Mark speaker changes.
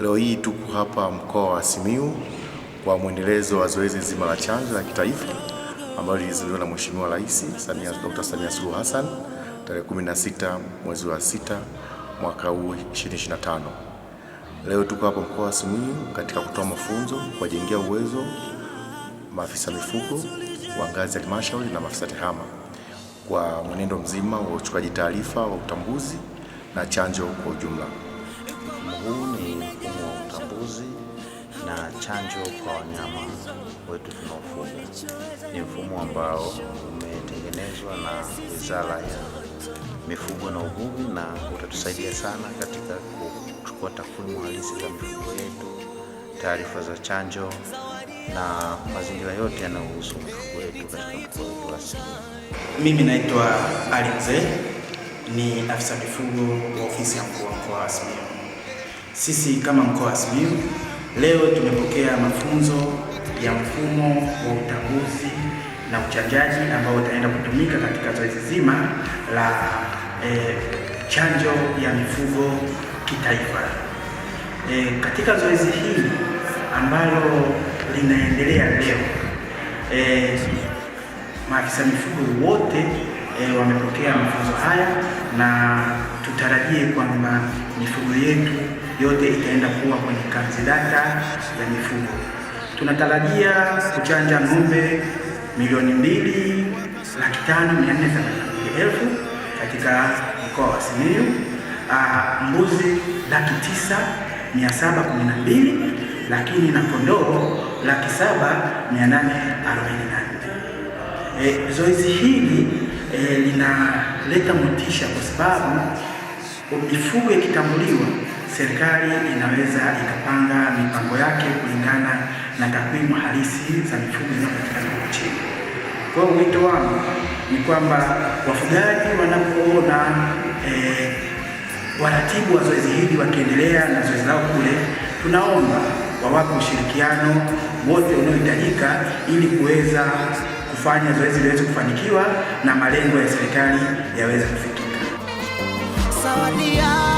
Speaker 1: Leo hii tuko hapa mkoa wa Simiyu kwa mwendelezo wa zoezi zima la chanjo la kitaifa ambalo lilizinduliwa na Mheshimiwa Rais Dr. Samia Suluhu Hassan tarehe 16 mwezi wa 6 mwaka huu 2025. Leo tuko hapa mkoa wa Simiyu katika kutoa mafunzo, kuwajengea uwezo maafisa mifugo wa ngazi ya halmashauri na maafisa TEHAMA kwa mwenendo mzima wa uchukaji taarifa wa utambuzi na chanjo kwa ujumla
Speaker 2: chanjo kwa wanyama wetu tunaofuga ni mfumo ambao umetengenezwa na Wizara ya Mifugo na Uvuvi na utatusaidia sana katika kuchukua takwimu halisi za mifugo yetu, taarifa za chanjo na mazingira yote yanayohusu mifugo yetu katika mkoa wetu wa Simiyu.
Speaker 3: Mimi naitwa Ali Mzee, ni afisa mifugo wa ofisi ya mkuu wa mkoa wa Simiyu. Sisi kama mkoa wa Simiyu Leo tumepokea mafunzo ya mfumo wa utambuzi na uchanjaji ambao utaenda kutumika katika zoezi zima la e, chanjo ya mifugo kitaifa. E, katika zoezi hili ambalo linaendelea leo e, maafisa mifugo wote e, wamepokea mafunzo haya na tutarajie kwamba mifugo yetu yote itaenda kuwa kwenye kanzidata ya mifugo. Tunatarajia kuchanja ng'ombe milioni mbili laki tano mia nne themanini elfu katika mkoa wa Simiyu, ah, mbuzi laki tisa mia saba kumi na mbili lakini na kondoo laki saba mia nane arobaini na nne. E, zoezi hili e, linaleta motisha kwa sababu mifugo ikitambuliwa serikali inaweza ikapanga mipango yake kulingana na takwimu halisi za mifugo inayopatikana nchini. Kwa hiyo wito wangu ni kwamba wafugaji wanapoona e, waratibu wa zoezi hili wakiendelea na zoezi lao kule, tunaomba wawape ushirikiano wote unaohitajika ili kuweza kufanya zoezi liweze kufanikiwa na malengo ya serikali yaweze kufikika. Sawadia.